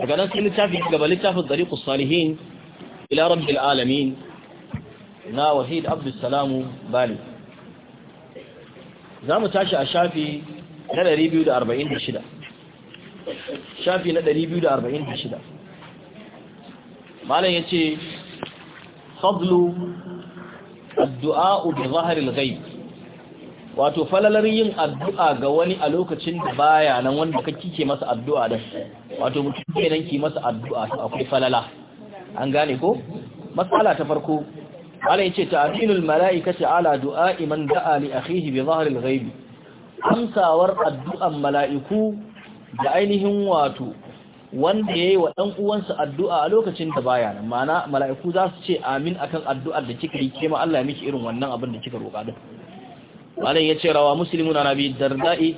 daga nan sai littafi gaba littafin dariqu salihin ila rabbil alamin na wahid abdus salamu bali za mu tashi a shafi na 246 shafi na 246 malam ya yace fadlu الدعاء بظهر الغيب wato falalar yin addu'a ga wani a lokacin da baya nan wanda ka kike masa addu'a din wato mutum ki masa addu'a to akwai falala an gane ko matsala ta farko Allah yace ta'dinul mala'ikati ala du'a'i man da'a li akhihi bi dhahril ghaib amsawar addu'an mala'iku da ainihin wato wanda yayi wa dan uwansa addu'a a lokacin da baya nan ma'ana mala'iku za su ce amin akan addu'ar da kika yi kema Allah ya miki irin wannan abin da kika roka din malam ya ce rawa muslimun an abi darda'i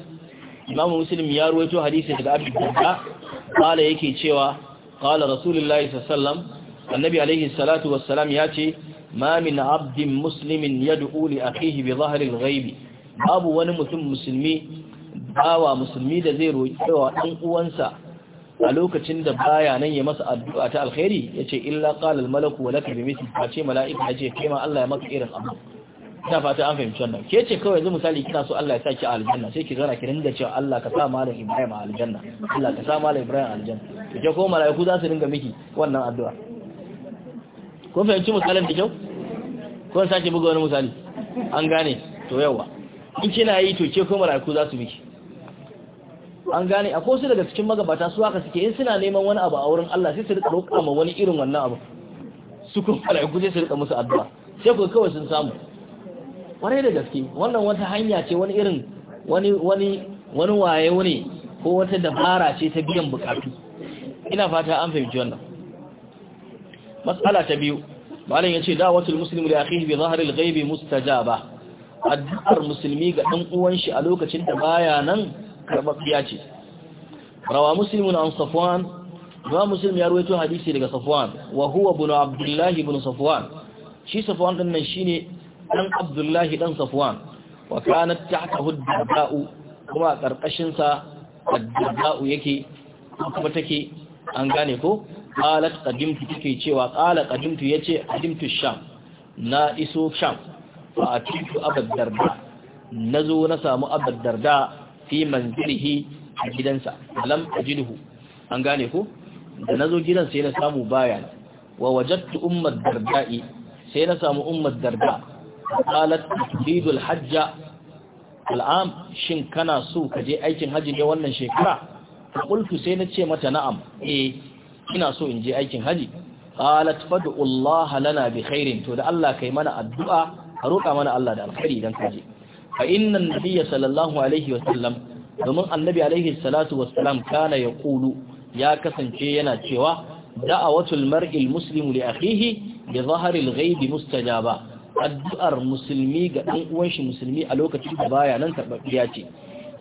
imamu muslim ya ruwaito hadisi daga abin darda kala yake cewa kala rasulullahi sallam annabi alaihi salatu wassalam ya ce ma min abdin muslimin yad'u li akhihi bi dhahri al babu wani mutum musulmi bawa musulmi da zai roki wa dan uwansa a lokacin da baya nan ya masa addu'a ta alkhairi yace illa qala malaku wa laka bi mithli ce mala'ika yace kai ma Allah ya maka irin abu ina fata an fahimci wannan ke ce kawai zu misali kina so Allah ya saki a aljanna sai ki zana ki ringa cewa Allah ka sa malam Ibrahim a aljanna Allah ka sa malam Ibrahim a aljanna to ke ko malaiku za su ringa miki wannan addu'a ko fahimci misalin da kyau ko sake buga wani misali an gane to yawa in kina yi to ke ko malaiku za su miki an gane akwai su daga cikin magabata su haka suke in suna neman wani abu a wurin Allah sai su rika roƙa ma wani irin wannan abu su kuma malaiku sai su rika musu addu'a sai ku kawai sun samu kwarai da gaske wannan wata hanya ce wani irin wani wani wani waye ne ko wata dabara ce ta biyan bukatu ina fata an fahimci wannan mas'ala ta biyu malam yace da'watul muslimu li akhihi bi dhahril ghaibi mustajaba addu'ar musulmi ga dan uwan shi a lokacin da baya nan karbabiya ce rawa muslimun an safwan Rawa muslim ya rawaito hadisi daga safwan wa huwa ibn abdullah ibn safwan shi safwan din nan shine dan Abdullahi dan Safwan wa kanat tahtahu ad-da'u kuma karkashin sa ad-da'u yake kuma take an gane ko qalat qadimtu take cewa qala qadimtu yace qadimtu sham na iso sham fa atitu abad darda nazo na samu abad darda fi manzilihi a gidansa lam ajidhu an gane ko da nazo gidan sai na samu baya wa wajadtu ummat darda'i sai na samu ummat darda qalat turidul hajja al'am shin kana so ka je aikin haji ne wannan shekara qultu sai na ce mata na'am eh ina so in je aikin haji qalat fad'u lana bi khairin to da Allah kai mana addu'a a roƙa mana Allah da alkhairi dan kaje fa inna nabiyya sallallahu alaihi wa sallam domin annabi alaihi salatu wa salam kana yaqulu ya kasance yana cewa da'awatul mar'il muslimu li akhihi bi zahril ghaibi mustajaba addu'ar musulmi ga ɗan uwan shi musulmi a lokacin da baya nan karɓaɓɓiya ce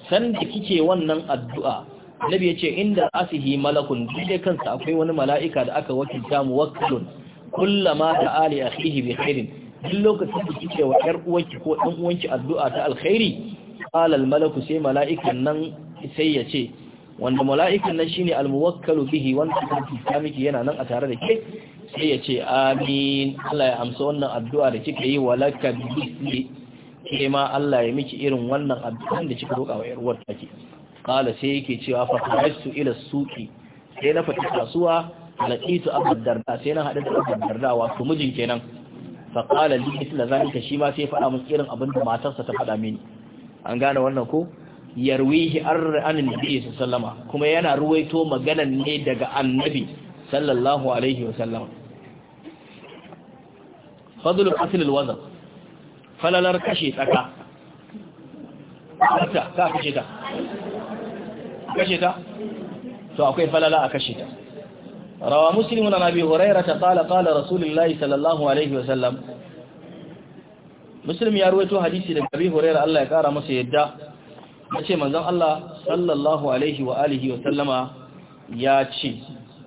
sanda kike wannan addu'a nabi yace ce inda asihi malakun duk kansa akwai wani mala'ika da aka wakilta mu wakilun kullama da ali akhihi bi khairin duk lokacin da kike wa ƴar uwanki ko ɗan uwanki addu'a ta alkhairi qala al malaku sai mala'ikan nan sai ya ce wanda mala'ikan nan shine al muwakkalu bihi wanda kuma miki yana nan a tare da ke sai ya ce amin Allah ya amsa wannan addu'a da kika yi walaka bisli ke ma Allah ya miki irin wannan addu'an da kika roƙa wa yarwar take kala sai yake cewa fa haistu ila suqi sai na fata kasuwa laƙitu abin darda sai na hada da abad darda wato mijin kenan fa likita da zan ka shi ma sai faɗa min irin abin da matarsa ta faɗa mini an gane wannan ko yarwihi arranin nabi sallama kuma yana ruwaito maganan ne daga annabi sallallahu alaihi wa sallama. fadlul qatl alwazn falalar kashe tsaka tsaka ka kashe ta kashe ta to akwai falala a kashe ta rawa muslimun an abi hurairah ta qala qala rasulullahi sallallahu alaihi wa sallam muslim ya ruwaito hadisi daga abi hurairah Allah ya kara masa yadda yace manzon Allah sallallahu alaihi wa alihi wa sallama ya ce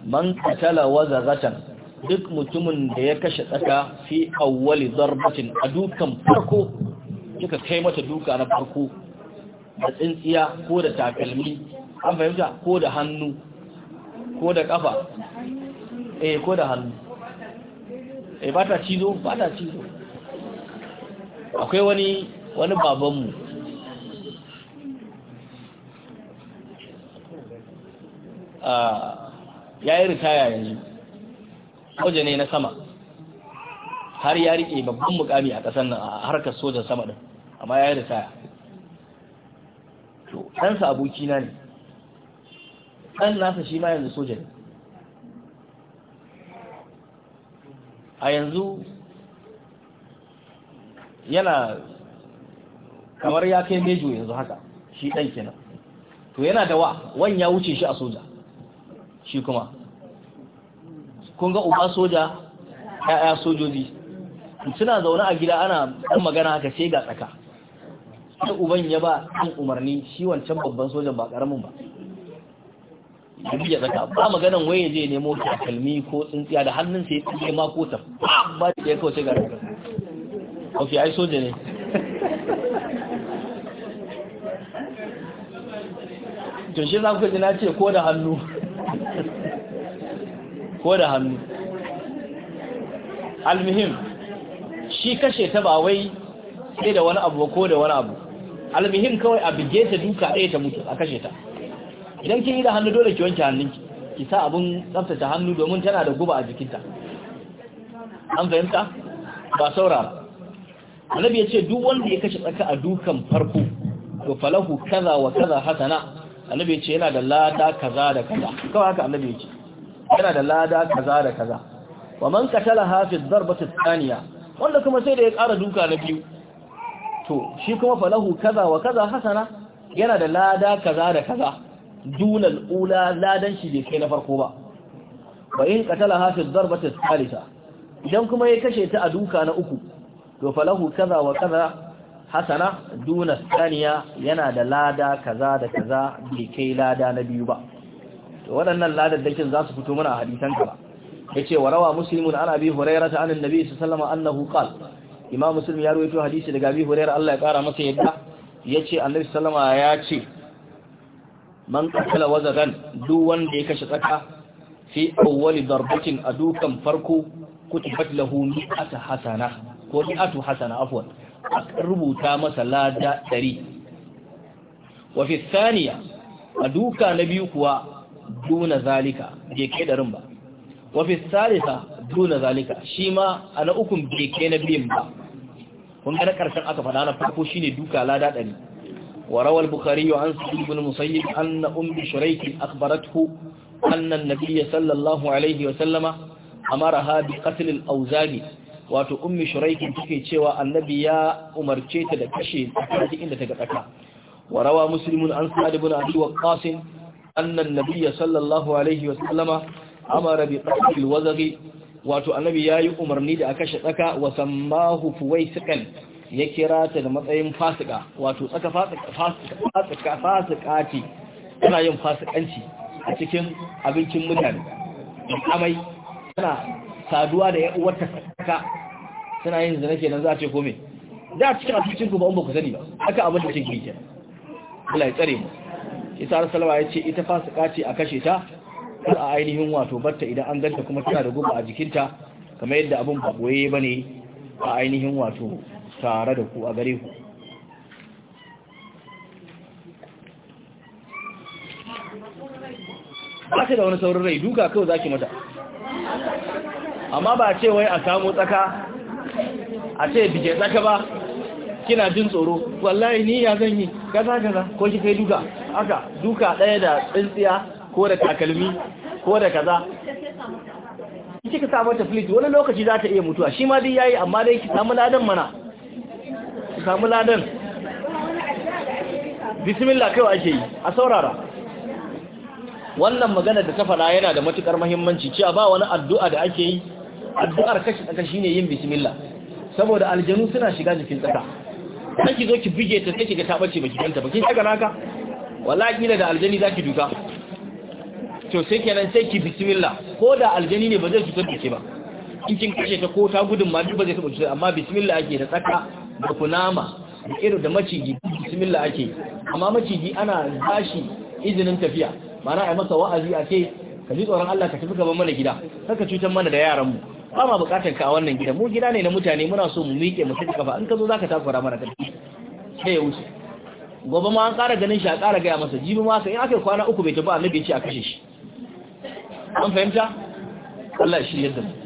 man qatala wazazatan duk mutumin da ya kashe tsaka fi awwali zarbatin a dukan farko kika kai mata duka na farko da tsintsiya ko da takalmi an fahimta ko da hannu ko da kafa eh ko da hannu eh ba ta cizo ba ta cizo akwai wani wani babanmu ah, ya yi ritaya yanzu soja ne na sama har ya rike babban mukami a ƙasar nan a harkar sojan sama din amma ya yi da ritaya to ɗansa abokina ne ɗan nasa shi ma yanzu soja ne a yanzu yana kamar ya kai mejo yanzu haka shi ɗan kenan to yana da wa wani ya wuce shi a soja shi kuma kun ga uba soja ya sojoji suna zaune a gida ana ɗan magana haka sai ga tsaka sai uban ya ba ɗan umarni shi wancan babban sojan ba ƙaramin ba ya biya tsaka ba maganan waye je nemo takalmi ko tsintsiya da hannun sai ya ma kota ba da ya kawace ga tsaka ok ai soja ne to shi za ku na ce ko da hannu ko da hannu almuhim shi kashe ta ba wai sai da wani abu ko da wani abu almuhim kawai a bige ta duka ɗaya ta mutu a kashe ta idan kin yi da hannu dole ki wanke hannunki ki sa abun tsaftace hannu domin tana da guba a jikinta an fahimta ba saurara annabi ya ce duk wanda ya kashe tsaka a dukan farko to falahu kaza wa kaza hasana annabi ya ce yana da lada kaza da kaza kawai haka annabi ya ce yana da lada kaza da kaza wa man qatala hafiz darbatu thaniya wanda kuma sai da ya ƙara duka na biyu to shi kuma falahu kaza wa kaza hasana yana da lada kaza da kaza dunal ula ladan shi bai kai na farko ba wa in qatala hafiz darbatu thalitha idan kuma ya kashe ta a duka na uku to falahu kaza wa kaza hasana duna thaniya yana da lada kaza da kaza bai kai lada na biyu ba to waɗannan ladaddakin za su fito mana a ba. Ya ce wa rawa muslimun an abi hurairata an annabi su alaihi annahu qal imam muslim ya rawaito hadisi daga bi huraira. Allah ya kara masa yadda Ya ce annabi sallama ya ce man qatala wazadan duk wanda ya kashe tsaka fi awwali darbatin a dukan farko kutibat lahu mi'atu hasana ko mi'atu hasana afwan aka rubuta masa lada 100 wa fi thaniya a duka na biyu kuwa duna zalika bai kai ɗarin ba wafi salisa duna zalika shi ma a na ukun bai kai na biyun ba kun ga na ƙarshen aka faɗa na farko shine duka lada ɗari وروى البخاري عن سعيد بن مسيب أن أم شريك أخبرته أن النبي صلى الله عليه وسلم أمرها بقتل الأوزاج wato ummi shuraikin take cewa annabi ya umarce ta da kashe ta inda ta ga tsaka wa rawa muslimun an sa'ad ibn abi kasin. annan nabiyya sallallahu alaihi wasallama amara bi qatlil wazghi wato annabi yayi umarni da aka tsaka wa sammahu fuwaisqan ya kira ta da matsayin fasika wato tsaka fasika fasika ce tana yin fasikanci a cikin abincin mutane amai tana saduwa da uwarta tsaka tana yin zina kenan za a ce kome da cikin abincin ku ba ba ku sani ba haka abin da cikin kenan Allah ya tsare mu isa arsalwa ya ce ita fasika ce a kashe ta kar a ainihin wato batta idan an ganta kuma tana da guba a jikinta kamar yadda abin ba ba ne a ainihin wato tare da ku a gare ku ba da wani saurin rai duka kawai ki mata amma ba ce wai a samu tsaka a ce bije tsaka ba kina jin tsoro wallahi ni ya zan yi kaza kaza ko ki kai duka Aka duka ɗaya da tsintsiya ko da takalmi ko da kaza ka sa mata flit wani lokaci za ta iya mutuwa shi ma dai yayi amma dai ki samu ladan mana ki samu ladan bismillah kai ake yi a saurara wannan magana da ta faɗa yana da matukar muhimmanci cewa ba wani addu'a da ake yi addu'ar kashi tsaka ne yin bismillah saboda aljanu suna shiga jikin tsaka sai ki zo ki bige ta sai ki ga ta bace baki kanta ba kin saka naka wallahi kila da aljani zaki duka to sai kenan sai ki bismillah ko da aljani ne ba zai cutar da ke ba in kin kashe ta ko ta gudun ma duk ba zai taba cutar amma bismillah ake da tsaka da kunama da irin da maciji bismillah ake amma maciji ana bashi izinin tafiya ma'ana ai masa wa'azi a ka ji tsoron Allah ka tafi gaban mana gida saka cutar mana da yaran mu ba ma bukatan ka a wannan gida mu gida ne na mutane muna so mu miƙe mu saki kafa in ka zo zaka takura mana karfi sai ya wuce gobe ma an ƙara ganin shi a ƙara gaya masa jibi ma sai in aka kwana uku bai tafi annabi ya ce a kashe shi an fahimta Allah shi yadda mu